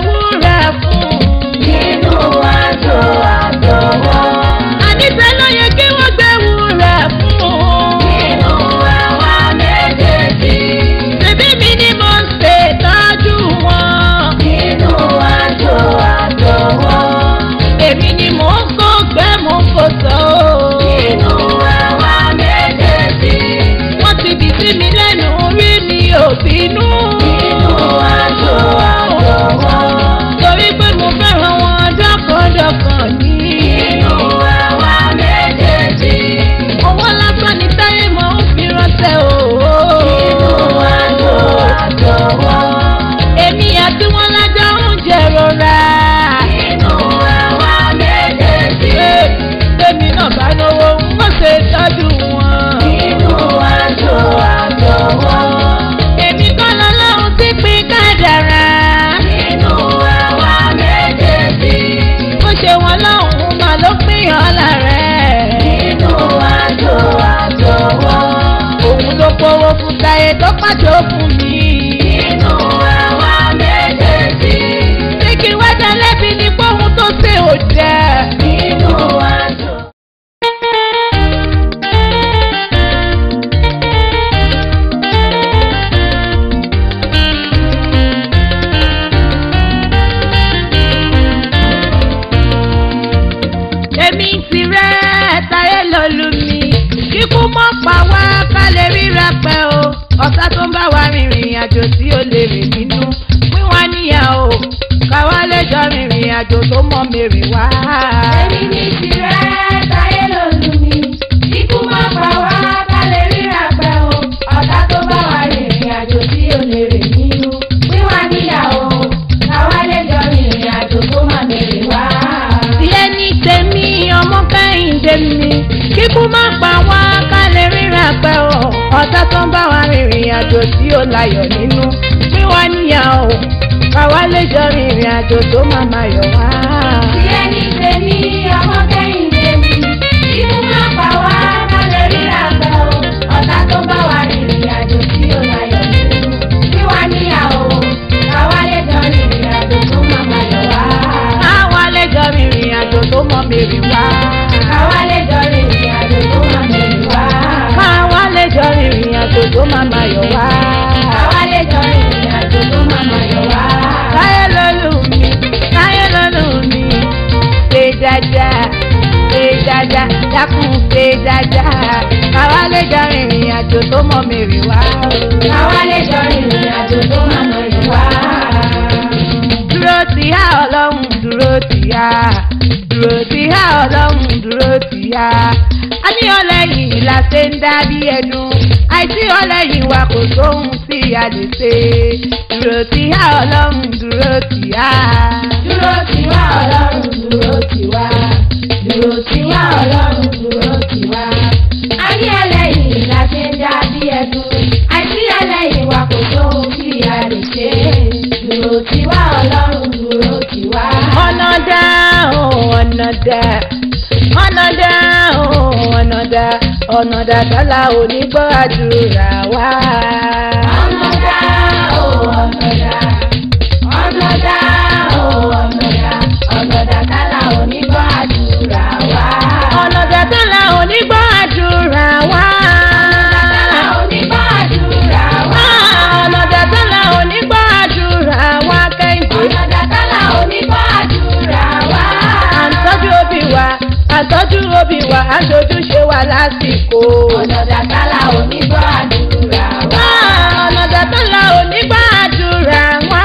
wewura fún. jogo tó mọ mèrì wá. èmi ní tirẹ̀ táyé ló lù mí ikú má pa wá ká lè ríra pẹ́ o ọ̀tá tó bá wà rìnrìn àjò tí ò lè rìn nínú wíwá níyàwó káwá lè jọ rìnrìn àjò tó má mèrì wá. tiẹ̀ ní tèmi ọmọ kẹ́hìndé mi kíkú má pa wá ká lè ríra pẹ́ o ọ̀tá tó bá wà rìnrìn àjò tí ò láyọ̀ nínú wíwá níyàwó káwa lè jọ rìnrìn àjò tó máa máa yọ̀ wá. ìyẹn ní tèmi ọmọ kẹ́yìn tèmi ikú máa pa wá ká lè ríra gbọ́ ọ̀tá tó bá wà rìnrìn àjò tí ó máa yọ̀ nínú. wíwá níyàwó káwa lè jọ rìnrìn àjò tó máa máa yọ̀ wá. káwa lè jọ rìnrìn àjò tó mọ mèrì wá. káwa lè jọ rìnrìn àjò tó máa mèrì wá. káwa lè jọ rìnrìn àjò tó máa máa. dáadáa àwa lè jọ rìnrìn àjò tó mọ mèrè wá. àwa lè jọ rìnrìn àjò tó mọ mèrè wá. dúró ti há ọlọ́run dúró ti há dúró ti há ọlọ́run dúró ti há. a ní ọlẹ́yìn la ṣe ń dá bí ẹnu àìsí ọlẹ́yìn wa kò sóhun tí a lè ṣe dúró ti há ọlọ́run dúró ti há. dúró ti há ọlọ́run dúró ti wá dúró ti há ọlọ́run. Another, another, oh, another, another. ò ní gbọ́ àdúrà wá. ṣojúṣe wa lásìkò. ọ̀nà dàtàlà ò ní gbọ́ àdúrà wá. ọ̀nà dàtàlà ò ní gbọ́ àdúrà wá.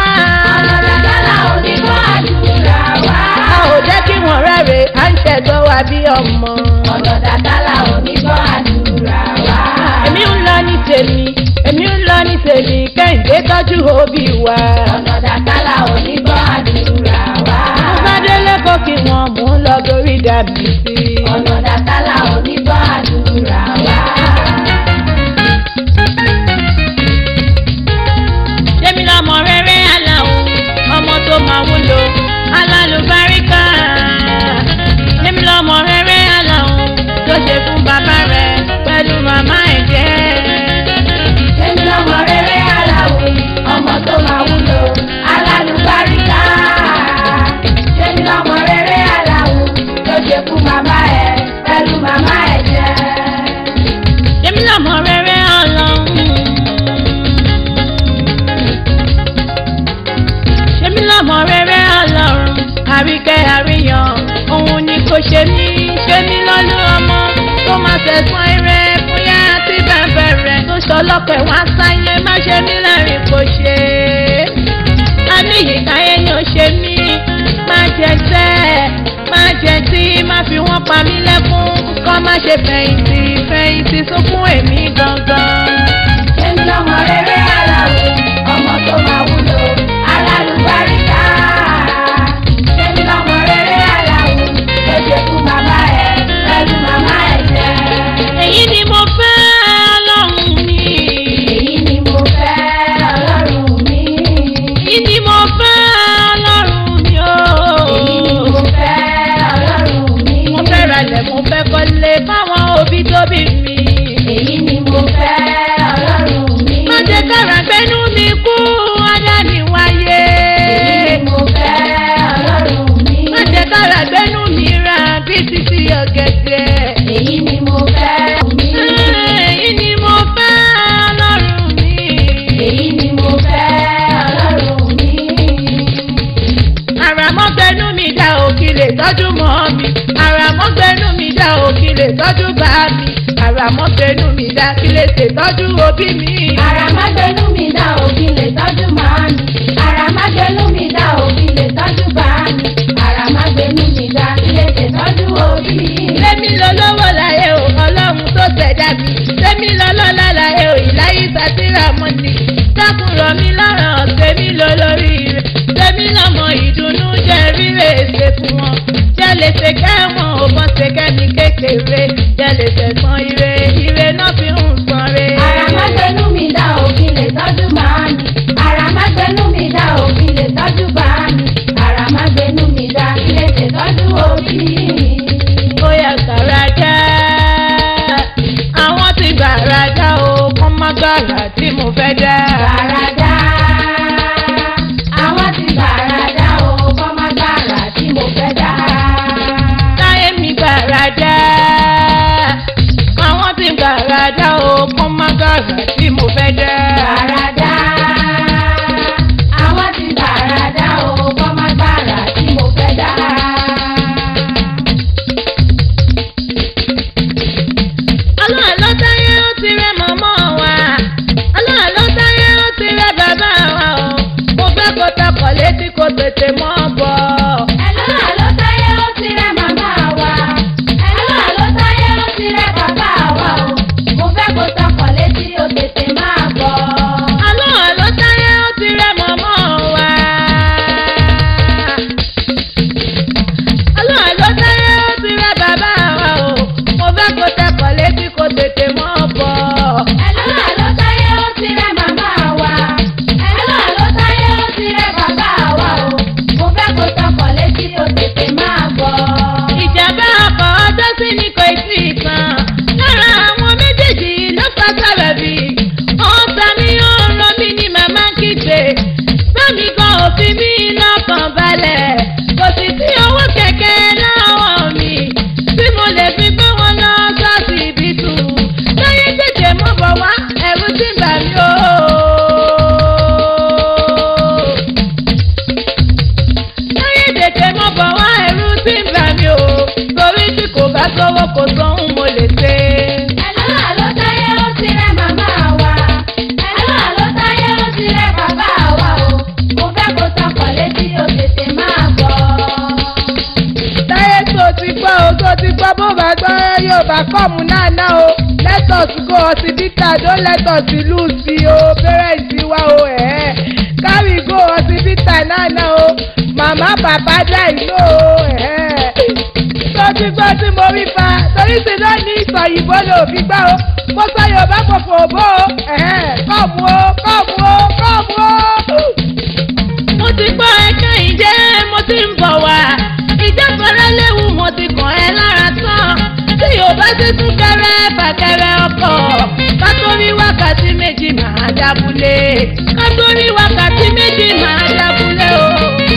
ọ̀nà dàtàlà ò ní gbọ́ àdúrà wá. a ò jẹ́ kí wọ́n rẹ́rẹ̀ à ń ṣẹ̀dọ̀ wa bí ọmọ. ọ̀nà dàtàlà ò ní gbọ́ àdúrà wá. èmi ń lọ ní tèmi èmi ń lọ ní tèmi kẹ́hìndé tọ́jú òbí wa. ọ̀nà dàtàlà ò ní gbọ́ àdúrà wá. mo bá délé kó kí wọn mú lọ gorí dàbí. ṣe mí ṣe mí lọ́lú ọmọ tó máa tẹ̀sán eré fúyẹ́ àti bẹ̀bẹ̀ rẹ̀ tó sọ lọ́pẹ̀ wá sáyé má ṣe mí lẹ́rìn kò ṣe é. ẹyìn ò ṣe mí má jẹ tẹ́ má jẹ tí má fi wọ́n pa mí lẹ́kún kọ́ má ṣe fẹ̀yìntì fẹ̀yìntì sókún èmi gangan. ẹni ọmọ rere ara o ọmọ tó máa wúlò. ṣètọ́jú bá mi àràmọ́ fẹnu mi dá kí lè ṣètọ́jú òbí mi. àràmọ́ fẹnu mi dá òbí lè tọ́jú màá mi àràmọ́ mi dá òbí lè tọ́jú bá mi àràmọ́ fẹnu mi dá kí lè ṣètọ́jú òbí mi. lẹ́mi lọ lọ́wọ́ láyé o ọlọ́run tó ṣẹ̀dá mi lẹ́mi lọ lọ́la láyé o ìláyé sátírà mọ́ ni dákun rọ̀ mí lọ́rọ̀ ọ̀sẹ̀ mi lọ lórí rẹ̀ lẹ́mi lọ́mọ ìdùnnú jẹ́ rírè ṣe fún wọn jẹ́lẹ̀ ṣe kẹ́ wọn ò bọ́ ṣe kẹ́ ní kékeré jẹ́lẹ̀ ṣẹ̀gbọ́n ire ire náà fi ń san re. ara má gbẹnú mi dá òfin lè tọ́jú màá mi ara má gbẹnú mi dá òfin lè tọ́jú bàá mi ara má gbẹnú mi dá ilé ṣètọ́jú òbí mi. ó yẹ kàrà jẹ́ àwọn ti gbàrà já o kó má gbàrà tí mo fẹ́ jẹ́. gbàkọ̀lé tí kò tètè mọ́ bọ̀. tó ti gbọ́ bó bá gbọ́ yóò bá kọ́ọ̀mù náà náà o let us go hospital don let us lose ti o parents wa o ẹ̀ eh. carry go hospital náà náà o màmá bàbá dry no o eh. ẹ̀ tó ti gbọ́ tí mo rí fa torí ti lọ ní ìtọ̀ ìbò lò fi gbá o mo sọ Yorùbá kò fò bó o ẹ̀ eh. kọ́ọ̀mù o kọ́ọ̀mù o kọ́ọ̀mù. ojú tún kẹrẹ bàkẹrẹ ọkọ̀ kátórí wákàtí méjì máa dábúlé kátórí wákàtí méjì máa dábúlé o.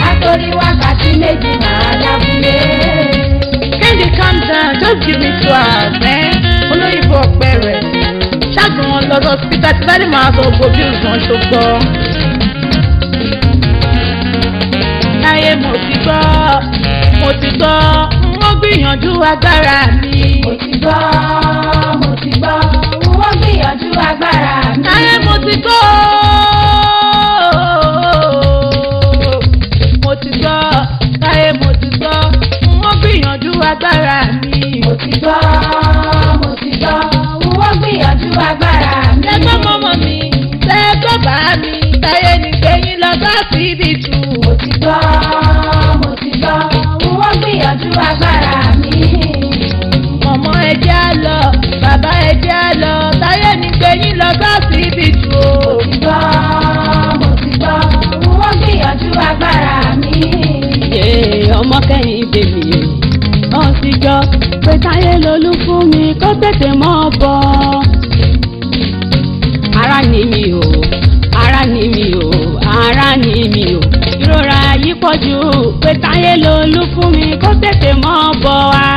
kátórí wákàtí méjì máa dábúlé. kéde calm down just give me two hours ẹ́ eh? olóyìnbó ọ̀pẹ rẹ̀ ṣáàgùn wọn lọ sọ sípítà tí bá lè máa sọ gbogbo bí nǹkan tó gbọ́. láyé mo ti gbọ́ mo ti gbọ́ gbìyànjú agbára mi. mo ti gbọ́ mo ti gbọ́ mo gbìyànjú agbára mi. ayé mo ti gbọ́ mo ti gbọ́ ayé mo agbára mi. mo ti gbọ́. ṣe mọ́ bọ́ ara ni mi o ara ni mi o ara ni mi o ìrora yìí pọ̀ jù pé táyé ló lú fún mi kó tètè mọ́ bọ́ wa.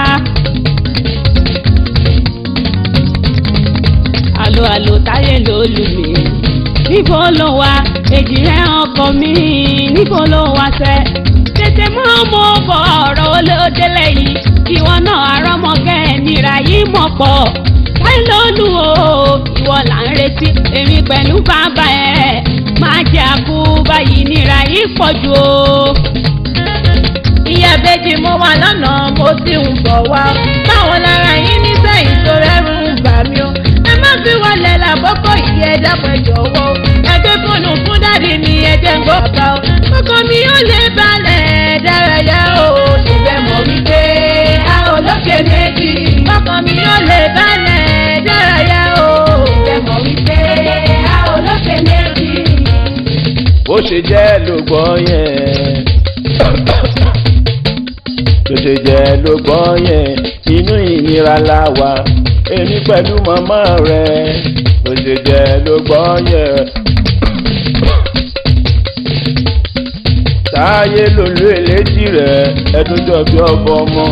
àlò àlò táyé ló lù mí níbo ló wà èjì rẹ ọkọ mi níbo ló wà sẹ tètè mọ́ mo bọ̀ ọ̀rọ̀ olódélé yìí tiwọn náà arọ́mọgẹ́ nira yìí mọ̀ pọ̀ táìlọ́nù o ìwọ là ń retí èmi pẹ̀lú bàbá ẹ̀ máa jẹ́ àkú báyìí nira yìí pọ̀ jù o. ìyá ìbejì mo wà lọ́nà mo ti ń bọ̀ wá báwo lára yín ní sẹ́yìn tó rẹ́rù ń gbà mí o ẹ má fi wọlé làbọ́kọ̀ yìí ẹ dápẹ́ jọ̀wọ́ ẹgbẹ́ fóònù fún dáàdi ni ẹ̀jẹ̀ ń gbọ́ bàbá o ọkọ mi ò lè bá ọkàn mi yóò lè balẹ̀ dárayá o. ẹ mọ̀ wípé a ò lọ́sẹ̀ méjì. bó ṣe jẹ́ ló gbọ́ yẹn. bó ṣe jẹ́ ló gbọ́ yẹn inú ìnira la wà èmi pẹ̀lú màmá rẹ̀ bó ṣe jẹ́ ló gbọ́ yẹn. táyé lòlú èléjì rẹ̀ ẹ̀dúnjọ́ bí ọ̀bọ ọmọ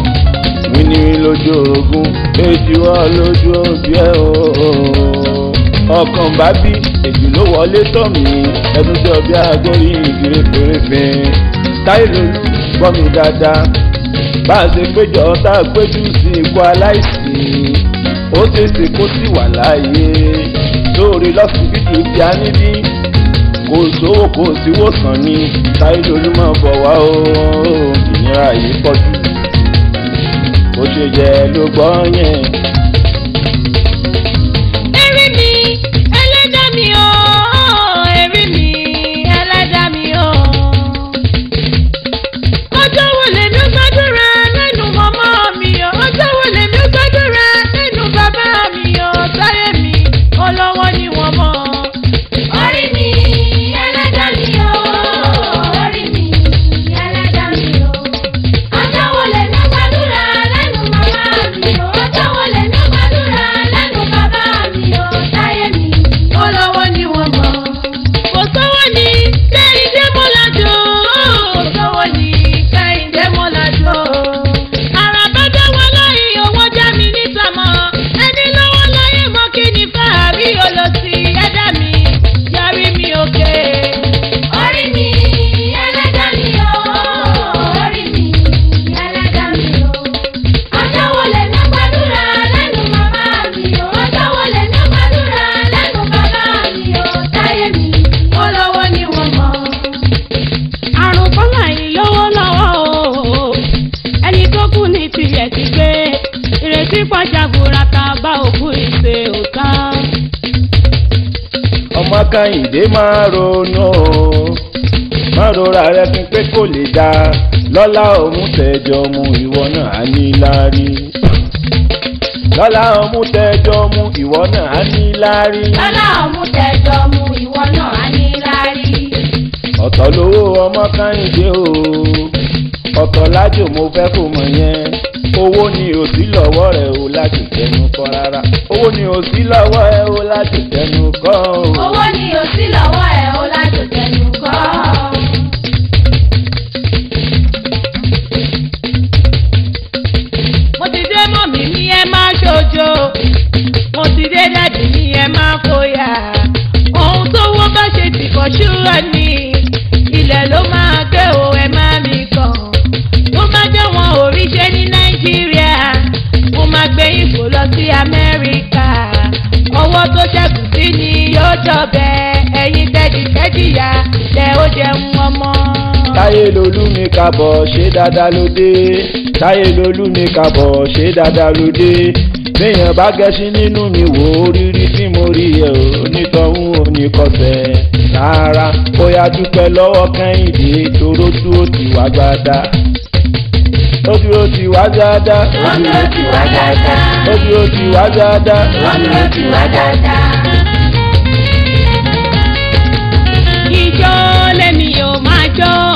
wíníwí lójú orogún èsì wọ lójú òbí ẹ o ọkàn bá bí èjì ló wọlé tọ̀ mí ẹdún tí ọbẹ̀ àgórí ìdílé pérépé táìlò gbọ́ mi dáadáa bá a ṣe péjọ tá a péjú sí ikú aláìsí ó ṣeéṣe kó sì wà láàyè lóore lọ́sibítù tí a níbí kò sówó kò síwòsàn ni táìlò ló máa bọ̀ wá o ìnira yìí pọ̀ jù bó ṣe yẹ ló gbọ́ yẹn. Kẹ́hìndé máa ronú o má rora rẹ pin pé kò lè dáa lọ́lá òun tẹ̀jọ́ mu ìwọ náà á ní láárí lọ́lá òun tẹ̀jọ́ mu ìwọ náà á ní láárí. lọ́lá òun tẹ̀jọ́ mu ìwọ náà á ní láárí. ọ̀tọ̀ lówó ọmọ Kẹ́hìndé o ọ̀tọ̀ lájò mo fẹ́ kó mọ̀ yẹn owó ni ò sí lọ́wọ́ rẹ̀ o láti tẹnu kọ́ rárá owó ni ò sí lọ́wọ́ ẹ o láti tẹnu kọ́ o. owó ni ò sí lọ́wọ́ ẹ o láti tẹnu kọ́ o. mo ti dé mọ́mí ní ẹ máa ṣojo mo ti dé dádì ní ẹ máa kóyà ohun tó wọ́n bá ṣe ti kọ̀ ṣúra ni. amẹ́ríkà owó tó ṣẹ́kù sí ni yóò jọbẹ ẹ̀yin tẹ́jì tẹ́jìyà tẹ ó jẹun ọmọ. táyé lolú mi kàbọ̀ ṣé dáadáa ló dé táyé lolú mi kàbọ̀ ṣé dáadáa ló dé béèyàn bá gẹṣin nínú mi wò ó rírí tí mo rí ẹ ò nítọ̀hún ò ní kọsẹ̀ rárá bóyá dúpẹ́ lọ́wọ́ kẹ́hìndé toró dúró tì wá gbádá ó dúró tì wá dáadáa. ó dúró tì wá dáadáa. ó dúró tì wá dáadáa. ó dúró tì wá dáadáa. ìjọ lẹ́mi yóò máa jọ́.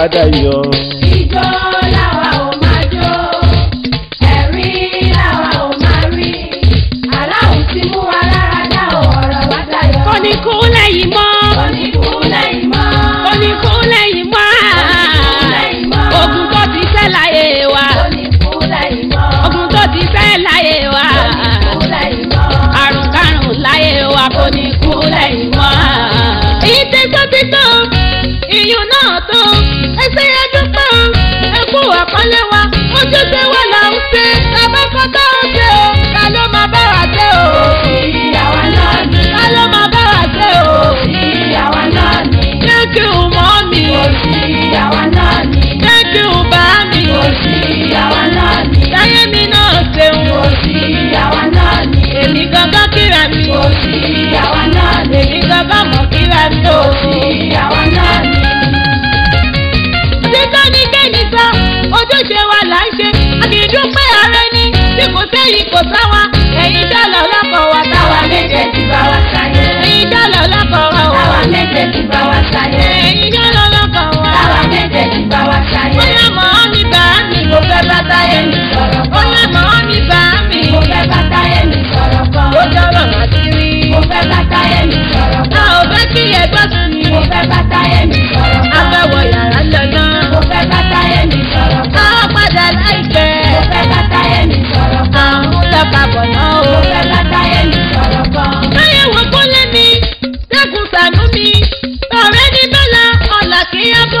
Adiós. kò sáwa ẹ̀yin dọ́là ọlọ́kọ̀ wa táwa méje ti bá wa sá.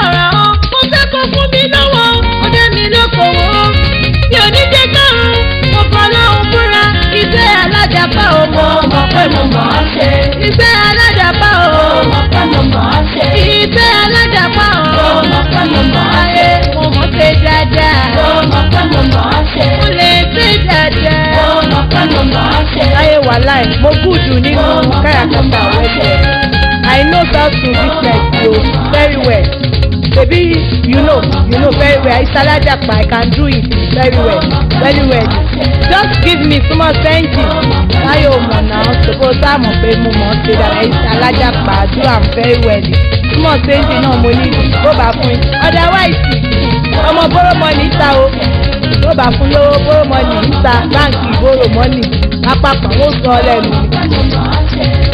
ọ̀rọ̀ hàn mo fẹ́ kó fún mi lọ́wọ́ ọdẹ mi ló kòwò mi ò ní jẹ́ kárùn mo kọ́ lọ́hùn fúnra iṣẹ́ aládàpá o mo mọ̀ pé mo mọ̀ ọ́ ṣe iṣẹ́ aládàpá o mo mọ̀ pé mo mọ̀ ọ́ ṣe iṣẹ́ aládàpá o mo mọ̀ pé mo mọ̀ ọ́ ṣe mo mọ̀ pé dáadáa mo mọ̀ pé mo mọ̀ ọ́ ṣe mo lè pé dáadáa mo mọ̀ pé mo mọ̀ ọ́ ṣe láyé wàhálà ẹ̀ mo gùdù nínú káràkátà wẹ́tẹ̀ I know how to be like you very well. Baby, you know, you know very well. It's Aladapa. I can do it very well, very well. Just give me some more thank you. Láyé òmò náà, suppose I'm a pé mo mọ̀ ṣe dára. It's Aladapa. Do am very well. Small thank you náà mo ní bó bá fún yín. Otherwise, ọmọ bóró mọ́ni ta o. Bó bá fún lówó bóró mọ́ni ta báńkì bóró mọ́ni àpapọ̀ ó sọ lẹ́nu.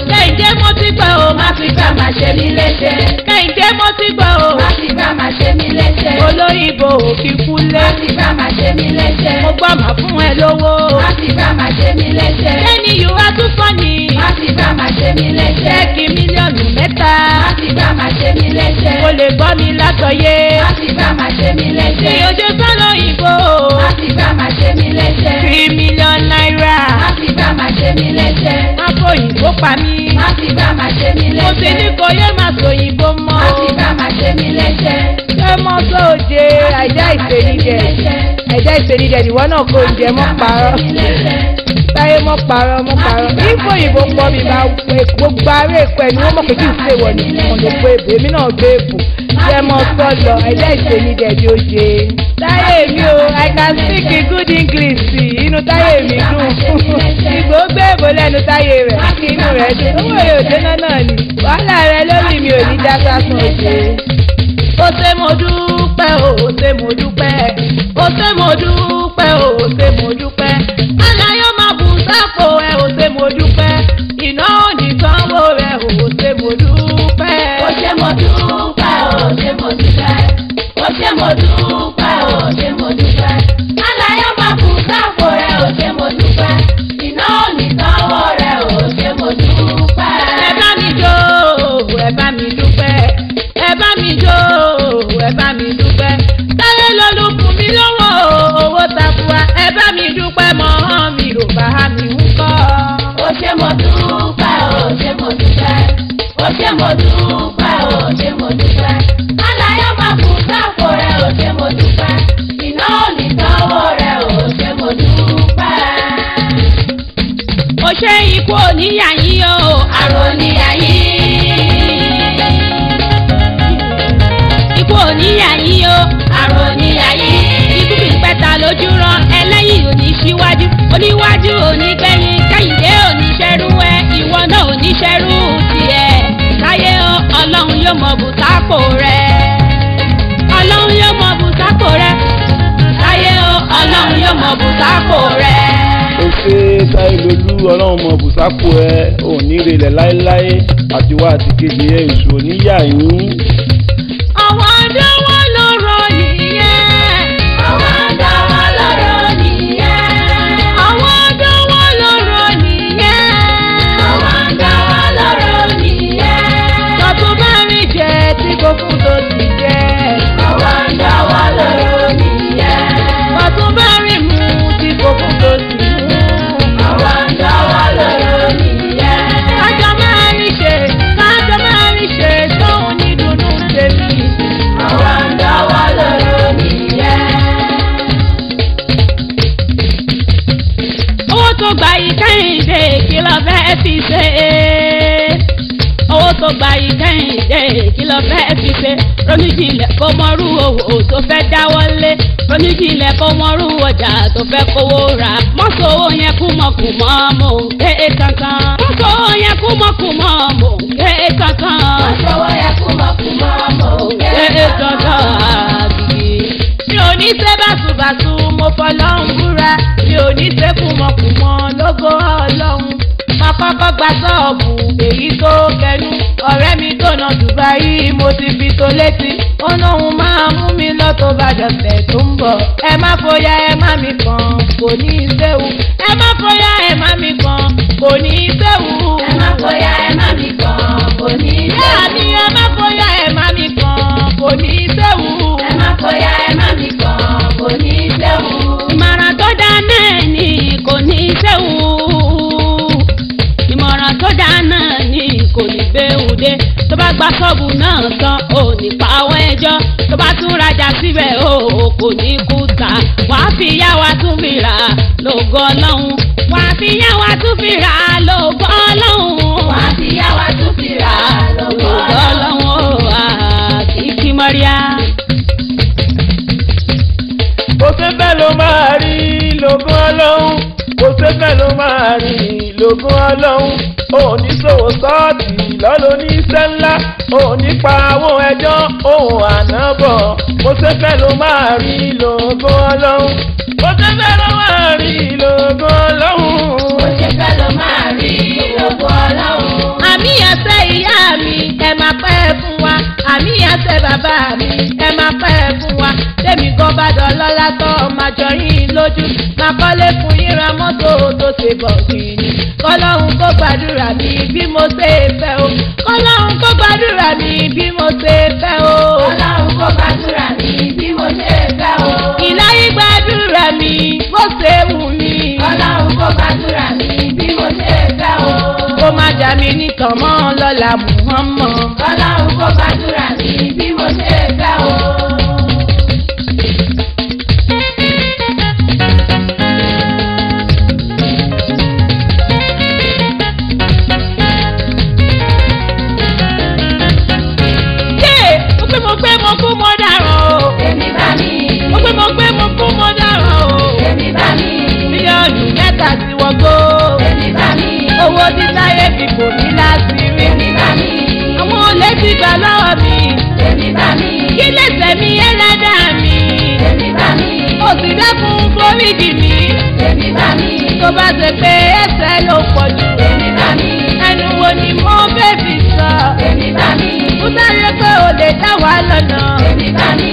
kẹ́hìndé mo ti gbà o. má fi gbà má ṣe mí léṣe. kẹ́hìndé mo ti gbà o. má fi gbà má ṣe mí léṣe. olóyìnbó ò fi kúlé. má fi gbà má ṣe mí léṣe. mo gbọ́ mà fún ẹ lówó. má fi gbà má ṣe mí léṣe. lẹ́ni you are too funny. má fi gbà má ṣe mí léṣe. ṣẹ́ẹ̀kì mílíọ̀nù mẹ́ta. má fi gbà má ṣe mí léṣe. o lè gbọ́ mi látọ̀yé. má fi gbà má ṣe mí léṣe. ìyóde sọ́nà ìbò. má fi gbà má ṣe mí léṣe. three million naira ti gbà máa ṣe mí léṣe. má fòyìnbó pa mí. má ti gbà máa ṣe mí léṣe. mo ti ní kò yé máa sòyìnbó mọ́. má ti gbà máa ṣe mí léṣe. ṣé mo sọ òde ẹ̀dá ìfèníjẹ ẹ̀dá ìfèníjẹ ìwọ náà kò jẹ mọ́ parọ́ táyé mọ́ parọ́ mọ́ parọ́ ibo òyìnbó pọ̀ mi máa gbogbo ará èkó ẹ̀ ni wọ́n mọ̀ pé kí n ṣe wọ̀ ní ọ̀nà òpó èbò èmi náà gbé èbò jẹ́ mọ́ sọ lọ ẹlẹ́ṣẹ̀ mi dẹ̀bi oje. táyé mi o i can speak in good english inú táyé mi dùn ìgbò gbé èbò lẹ́nu táyé rẹ̀ kí inú rẹ̀ dùn owó yóò dénà náà ni wàhálà rẹ lórí mi ò ní dá sásán òde. ó ṣe mo dúpẹ́ ó ṣe mo dúpẹ́ ó ṣe mo dúpẹ́ ó ṣe mo dúpẹ́. mo dúpẹ́ o ṣé mo dúpẹ́ o ṣé mo dúpẹ́ o ṣé mo dúpẹ́ aláyọ̀ máa kú sáfò rẹ o ṣé mo dúpẹ́ iná onítọ́wọ́ rẹ o ṣé mo dúpẹ́. ẹ bá mi jó ẹ bá mi dúpẹ́ ẹ bá mi jó ẹ bá mi dúpẹ́ táyé lọ́lùkùn mi lọ́wọ́ owó takùwà ẹ bá mi dúpẹ́ mọ́ mi ò bá mi ń kọ́. o mo dúpẹ́ ṣé mo o ṣé mo dúpẹ́ aláyọ̀ máa o ṣé mo dúpẹ́ iná olùtọ́wọ́ o ṣé mo dúpẹ́. mo ṣe ikú òníyàn yìí o àrò òníyàn lolú ọlọ́run mọ bùsákù ẹ òní relẹ̀ láéláé àtiwá àti kejì ẹ èṣù oníyà yín. bó gba ìkẹ́hìndé kí ló fẹ́ fi pé ronújìnlẹ̀ kó mọ́rú òwò tó fẹ́ dáwọ́lé ronújìnlẹ̀ kó mọ́rú ọjà tó fẹ́ kówó rà mọ́sọ̀ owó yẹn kú mọ̀kùmọ́ mò ń ké kankan mọ́sọ̀ yẹn kú mọ̀kùmọ́ mò ń ké kankan mọ́sọ̀ yẹn kú mọ̀kùmọ́ mò ń ké kankan mi ò ní ṣe bàṣubàṣu mo fọlọ́run búra mi ò ní ṣe kùmọ̀kùmọ̀ lógo ọlọ́run máa kọ́kọ́ gba sọ́ọ̀bù èyí tó kẹnu ọ̀rẹ́ mi tó Dubai mo ti fi tó létí ó lóun máa mú mi lọ tó bá dọ̀sẹ̀ tó ń bọ̀ ẹ má fòyà ẹ má mi kàn kò ní í séwu ẹ má fòyà ẹ má mi kàn kò ní í séwu. ẹ má fòyà ẹ má mi kàn kò ní í séwu. yáà ni ẹ má fòyà ẹ má mi kàn kò ní í séwu. ẹ má fòyà ẹ má mi kàn kò ní í séwu. ìmọ̀ràn tó dáa náà ni kò ní í séwu. bá gba ṣọ́ọ̀bù náà tán ò ní pa àwọn ẹjọ́ tó bá tún rajà síbẹ̀ ò kò ní kú ta wà á fi yá wa tún fi rà lóògùn ọlọ́run wà á fi yá wa tún fi rà lóògùn ọlọ́run wà á fi yá wa tún fi rà lóògùn ọlọ́run ó wà kíkí mọ́ríà. òṣèbẹ́ ló máa rí lóògùn ọlọ́run pépè ló máa rìn lógún ọlọ́run oníṣòwò sọ́ọ̀tì lọ́lọ́ oníṣẹ́ ńlá onípa owó ẹjọ́ ohun ànábọ̀ mo pépè ló máa rìn lógún ọlọ́run mo pépè ló máa rìn lógún ọlọ́run. bàbá mi ẹ máa pẹ́ fún wa tèmi gan bá dọ̀lọ́lá tó máa jọ yín lójú máa kọ́lé fún yín ra mọ́tò tó ṣe bọ̀gìnì kọ́lọ́hún kó gbàdúrà mi bí mo ṣe fẹ́ o kọ́lọ́hún kó gbàdúrà mi bí mo ṣe fẹ́ o. kọ́lọ́hún kó gbàdúrà mi bí mo ṣe fẹ́ o. ìláyé gbàdúrà mi bó ṣe wù mí. kọ́lọ́hún kó gbàdúrà mi bí mo ṣe fẹ́ o. kó má dà mí nìkan mọ́ lọ́la Muhammad. kọ́lọ́hún kó gbàdúrà mi. give us èmi ẹlẹ́dàá mi. èmi bá mi. o sì dẹ́kun foríjì mi. èmi bá mi. tó bá ṣe pé ẹ̀ṣẹ̀ ló pọ̀ jù. èmi bá mi. ẹnu wo ni mo fẹ́ fi sọ. èmi bá mi. mo sáré pé o lè dá wa lọ́nà. èmi bá mi.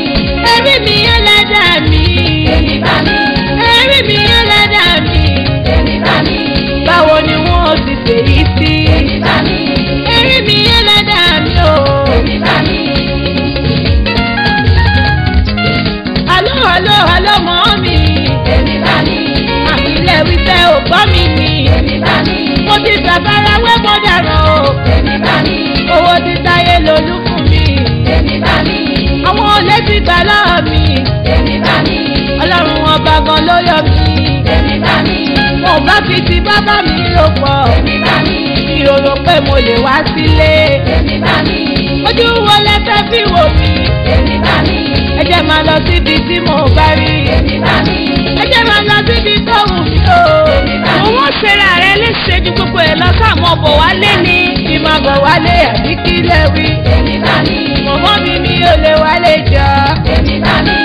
gbà lọ́wọ́ mi. èmi gbà mí. ọlọ́run ọba gan ló yọ mí. èmi gbà mí. mo bá fi ti bàbá mi rò pọ̀. èmi gbà mí. mi ò rò pé mo lè wá sílé. èmi gbà mí ojú wo lẹ fẹ́ fi wò èmi bá mi. ẹ jẹ́ máa lọ síbi tí mo bá rí. èmi bá mi. ẹ jẹ́ máa lọ síbi tó wù mí o. èmi bá mi. òun ṣera rẹ léṣe ju gbogbo ẹ lọ sáàmọ̀ bọ̀ wálé ni. ìmọ̀ bọ̀ wálé àbí kí lẹ wí. èmi bá mi. mọ̀mọ́ mi mi ò lè wálé jọ. èmi bá mi.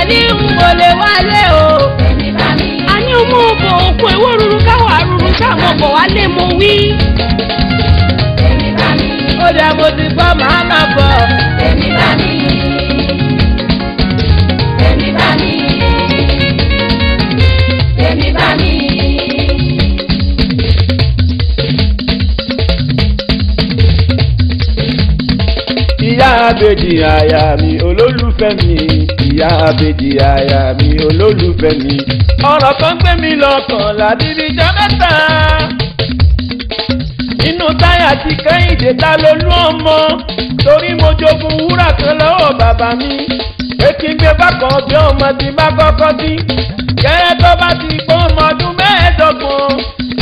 àní n ò lè wálé o. èmi bá mi. àní mú bò òkú ewúrúurú káwọ̀ àrùrù sáàmọ̀ bọ̀ wálé mo wí mo dẹ̀ mo ti gbọ́ màá mà bọ̀. èmi bá mi èmi bá mi èmi bá mi. ìyá abèjì àyà mi olólùfẹ́ mi ìyá abèjì àyà mi olólùfẹ́ mi ọ̀rọ̀ kan gbé mi lọ́kàn ládìrí jẹ́ mẹ́ta inú táyà ti kẹ́hìndé ta lolú ọmọ torí mo jogun wúrà kan lọ́wọ́ bàbá mi etí gbé bákan bí ọmọ ti bá kọ́kọ́ sí gẹ́rẹ́ tó bá ti pọ́ ọmọ ọdún mẹ́ẹ̀ẹ́dọ́gbọ̀n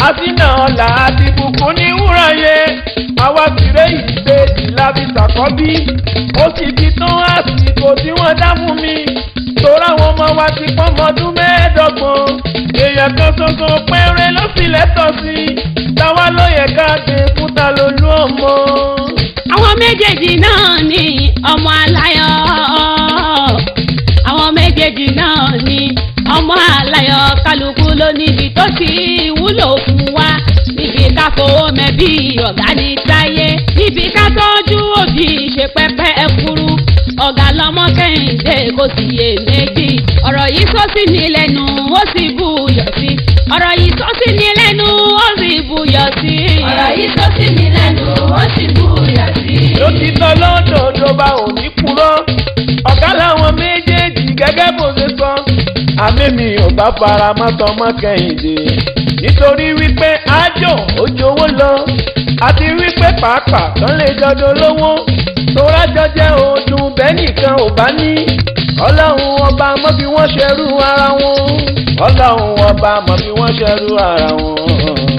àtìnà ọ̀la àti bùkún ní wúrà yẹn àwa fìrẹ́ ìgbé ìlàbí sàkọ́bí ó sì ti tán àsìkò tí wọ́n dá fún mi tòrá àwọn ọmọ wa ti pọ́n mọ́dún mẹ́ẹ̀ẹ́dọ́gbọ̀n èèyàn kan ṣoṣo péré ló sì lẹ́tọ̀ọ́ sí táwa ló yẹ ká ṣe fúta lójú ọmọ. àwọn méjèèjì náà ni ọmọ aláyọ̀ àwọn méjèèjì náà ni ọmọ aláyọ̀ kálukú ló níbi tó ti wúlò fún wa níbi ká fowó mẹ́bí ọ̀gá ní táyé níbi ká tọ́jú òbí ṣe pẹ́pẹ́ ẹ̀kúrú ọ̀gá lọ́mọ kẹ́hìndé kò sì yè méjì ọ̀rọ̀ yìí sọ sí ni lẹ́nu ó sì bù yọ̀ sí ọ̀rọ̀ yìí sọ sí ni lẹ́nu ó sì bù yọ̀ sí. ọ̀rọ̀ yìí sọ sí ni lẹ́nu ó sì bù sí. ló ti tọ́ lọ́dọọdọ bá òní purọ́ ọ̀gá làwọn méjèèjì gẹ́gẹ́ bó ṣe sọ àmì mi ò bá fara mọ́tọ́mọ́ kẹ́hìndé nítorí wípé ájò ó jowó lọ àti wípé pàápàá tán lè jọdún lówó tóra jọjẹ ọdún bẹ́ẹ̀ nìkan ò bá ní ọlọ́run ọba mọ̀ bí wọ́n ṣerú ara wọn ọlọ́run ọba mọ̀ bí wọ́n ṣerú ara wọn.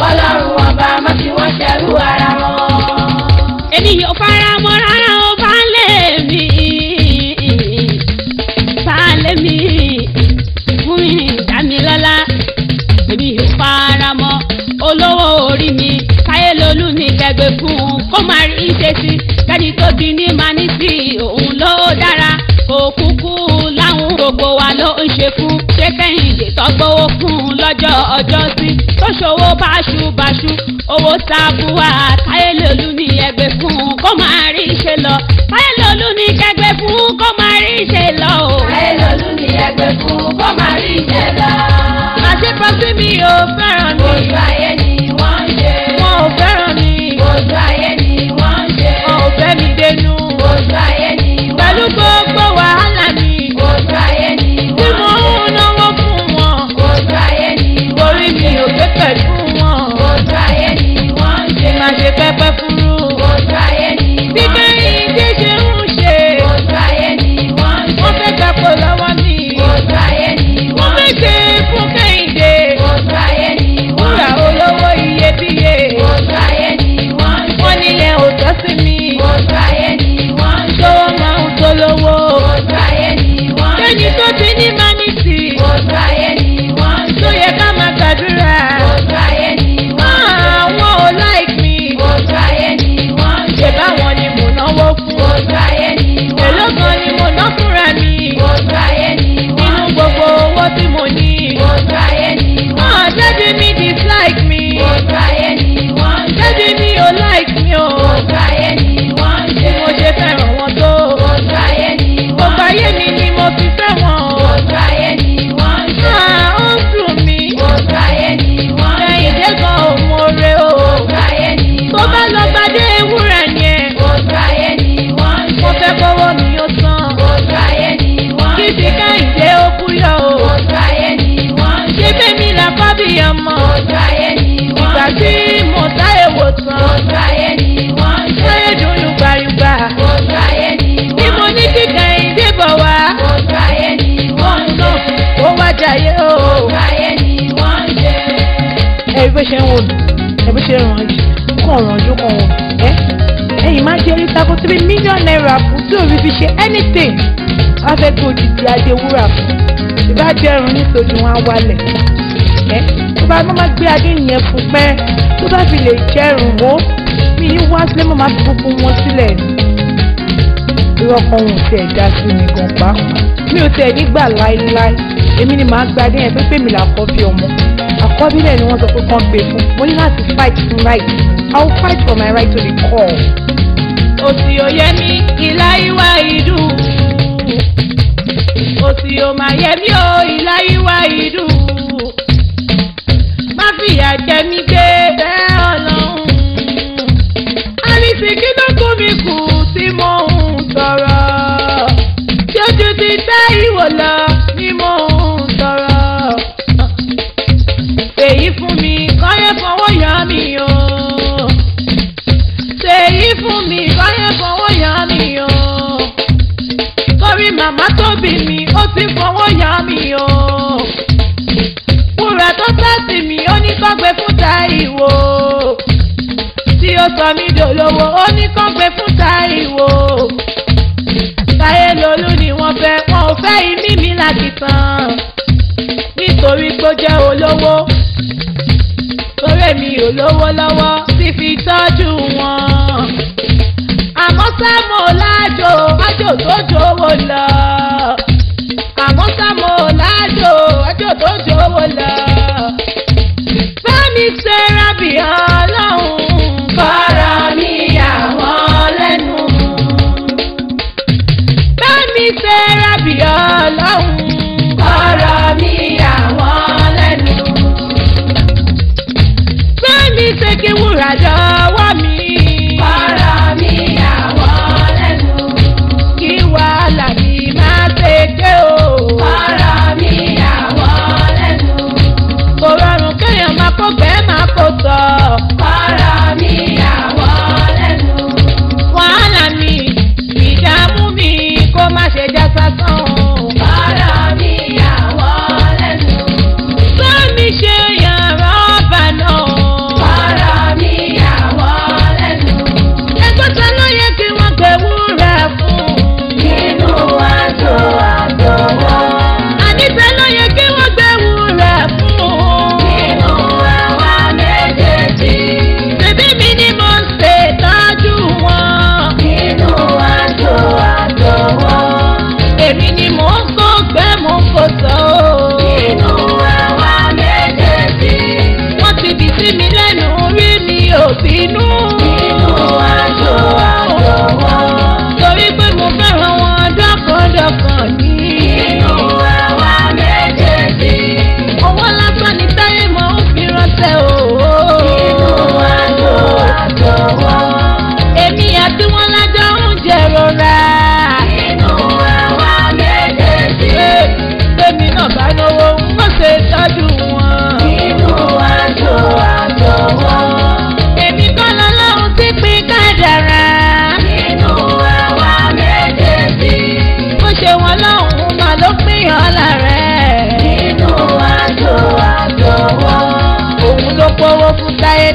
ọlọ́run ọba mọ̀ bí wọ́n ṣerú ara wọn. èmi yóò fara mọ́ rárá. bẹ̀gbẹ̀ fún un kó má rí ṣèṣì kẹ́ni tó di ní manisi òun ló dára kò kúkú láwọn gbogbo wa ló ń ṣe fún ṣé kẹ́yìn lè tọ́gbówó fún un lọ́jọ́ ọjọ́ sí tó ṣòwò báṣubàṣu owó sábúwà táyélólú ní ẹgbẹ́ fún un kó má rí ṣe lọ táyélólú ní kẹgbẹ́ fún un kó má rí ṣe lọ o. táyélólú ní ẹgbẹ́ fún un kó má rí ṣe lọ. àti pọ́sí mi ò fẹ́ràn ní. ojú ayé bó ṣe ń wò ẹ bó ṣe ràn jù kàn ràn jù kàn wò ẹ máa ṣe orí tako síbi mílíọ̀nù náírà fún tí òbí fi ṣe anything wá fẹ́ tó òjijì adé wúrà fún ìbá jẹrun nítorí wọn á wálẹ̀ tó bá máa gbé adé yẹn fún pẹ́ tó bá fi lè jẹrun wò mí ní wá sílé mọ́ máa fi gbogbo wọn sílẹ̀ irọ́ kan wọn ò tiẹ̀ dá sí mi gan pàápàá mi ò tiẹ̀ nígbà láéláé èmi ni màá gba adé yẹn pé pèmí làkọ́ fi ọmọ gọ́bílẹ̀ ni wọ́n sọ pé kán gbé fún mo ní láti fight for right i will fight for my right to the call. òsì òye mi ìlà ìwà ìdùn òsì òmàyẹ mi ò ìlà ìwà ìdùn má fìyà jẹ mí gbé bẹ́ẹ̀ ọlọ́run àlìsí kí ló mi kù tí mo ń sọ̀rọ̀ tí ti tẹ́ ìwò lọ. mi o ṣèyí fún mi báyẹn fọwọ́ yá mi o torí màmá tó bí mi ó ti fọwọ́ yá mi o wúrà tó tẹ̀sí mi ó ní kọ́gbẹ́ fún Táíwò tí ó sọ mí dòlówó ó ní kọ́gbẹ́ fún Táíwò táyé lolú ni wọ́n fẹ́ wọn ò fẹ́ imí mi láti tán nítorí pé ó jẹ́ olówó ọ̀rẹ́ mi ò lówó lọ́wọ́ sì fi tọ́jú wọn. àmọ́ ṣá mo lájò ájò tó jówó lọ. àmọ́ ṣá mo lájò ájò tó jówó lọ. bá ṣe rábìá. me.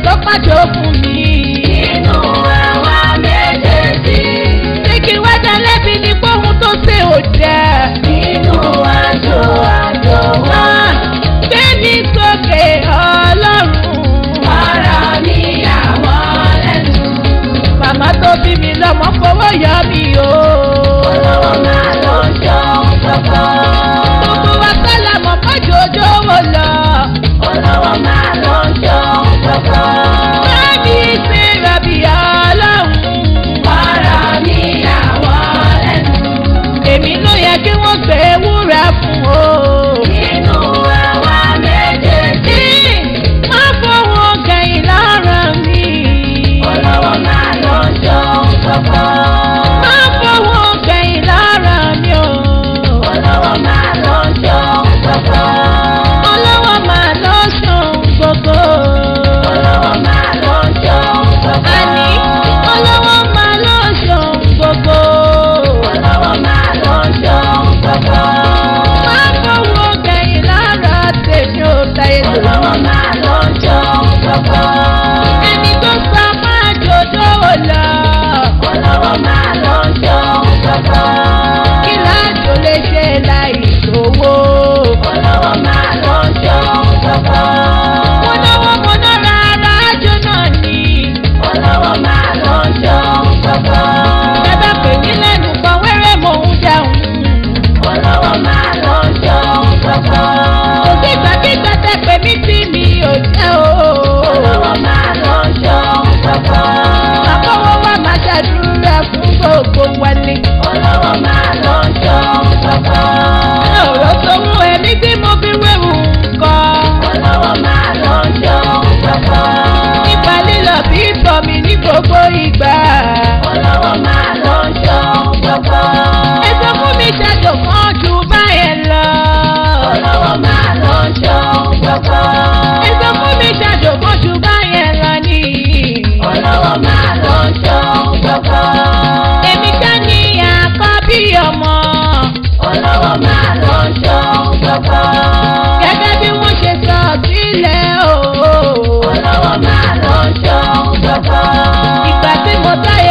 tó pàdé òkun mi. inú àwa méjèèjì. ṣé kí wá dalẹ́ bí ní gbóhùn tó ṣe ò jẹ́. nínú àjò àjò wa. gbé mi sókè ọlọ́run. ọ̀rọ̀ mi yàwọ́ lẹ́nu. màmá tó bí mi lọ́mọ fowó yọ mi o. olówó máa lọ jọ kọ́kọ́. Oh, my. lọ́wọ́. gẹ́gẹ́ bí wọ́n ṣe sọ sílẹ̀ o. olówó máa lọ ṣọ́ gbogbo. ìgbà tí mo táyà.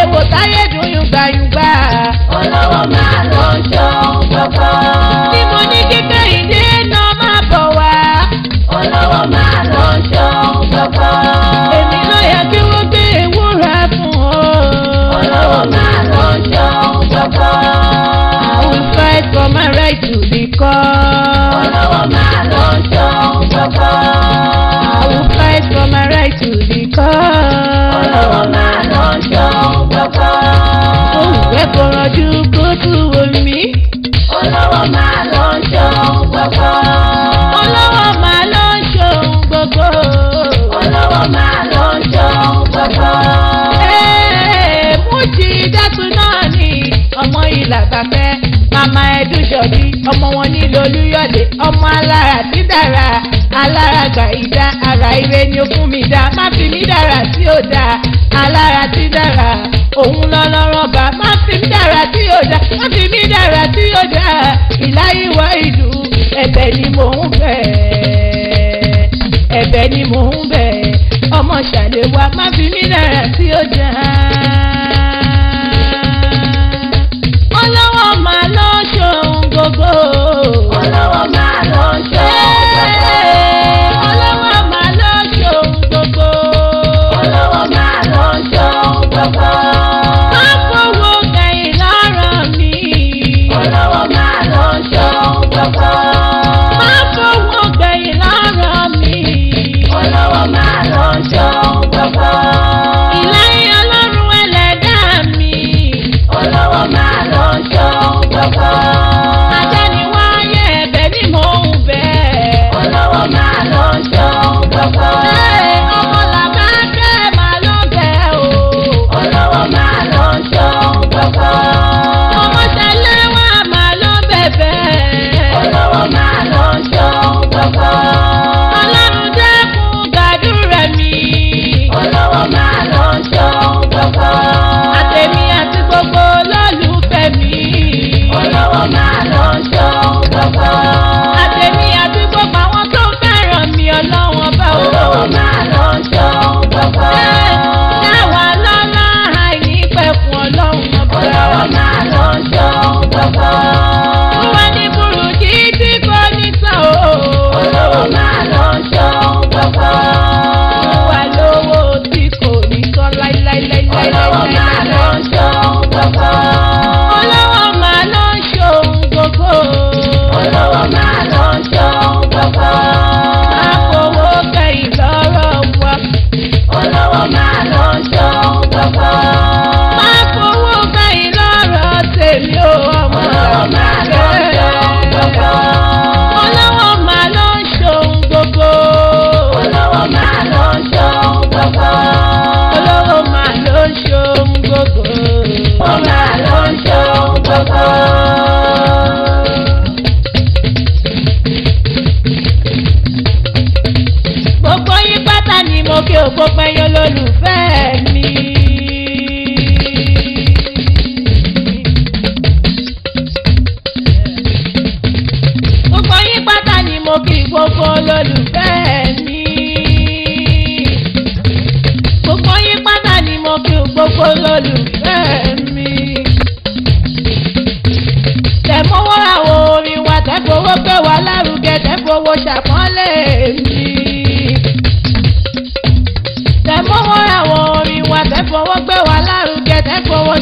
ìtọ́jú kó tù wò mí. olówó máa lọ ń ṣòun gbogbo. olówó máa lọ ń ṣòun gbogbo. olówó máa lọ ń ṣòun gbogbo. ẹ̀ẹ́ Mujidatu náà ni ọmọ ìlà gbàfẹ́ màmá ẹdùn ṣọ̀bí ọmọ wọn ní lolúyọ̀dé ọmọ alára tí dára alára gbà ìdá ara ire ni ó fún mi dá má fi mí dára tí ó alára tí dára òun lọ lọ́rọ̀ bá má fi mí dára tí yóò dá má fi mí dára tí yóò dá ìláyíwá ìlú ẹ̀bẹ̀ ni mò ń bẹ̀ ẹ̀bẹ̀ ni mò ń bẹ̀ ọmọ ṣàlẹwà má fi mí dára tí yóò dá. ọlọ́wọ́ máa lọ gbogbo. ọlọ́wọ́ máa lọ I know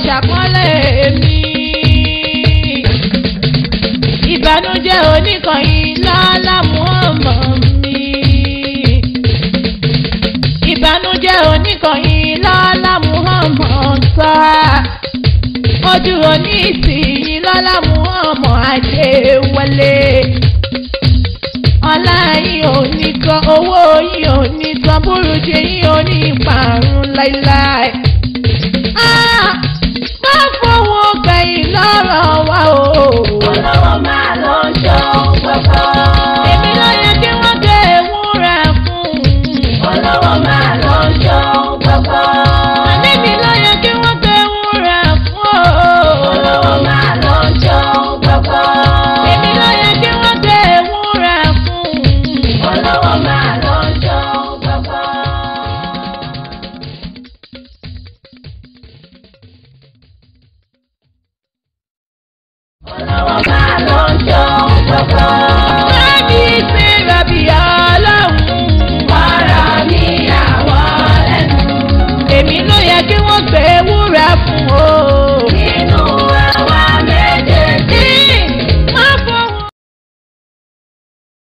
ṣàpọ́nlé èmi. ìbànújẹ́ oníkànnì lọ́lá mú ọmọ mi. ìbànújẹ́ oníkànnì lọ́lá mú ọmọ sá. ojú òní ìsìnyí lọ́lá mú ọmọ ajé wọlé. ọlá yìí ò ní kan owó yìí ò ní kan burújí yìí ò ní ìparun láéláé. ah! sọ̀rọ̀ wa o. olówó máa lọ ṣọ́ gbọ́gbọ́.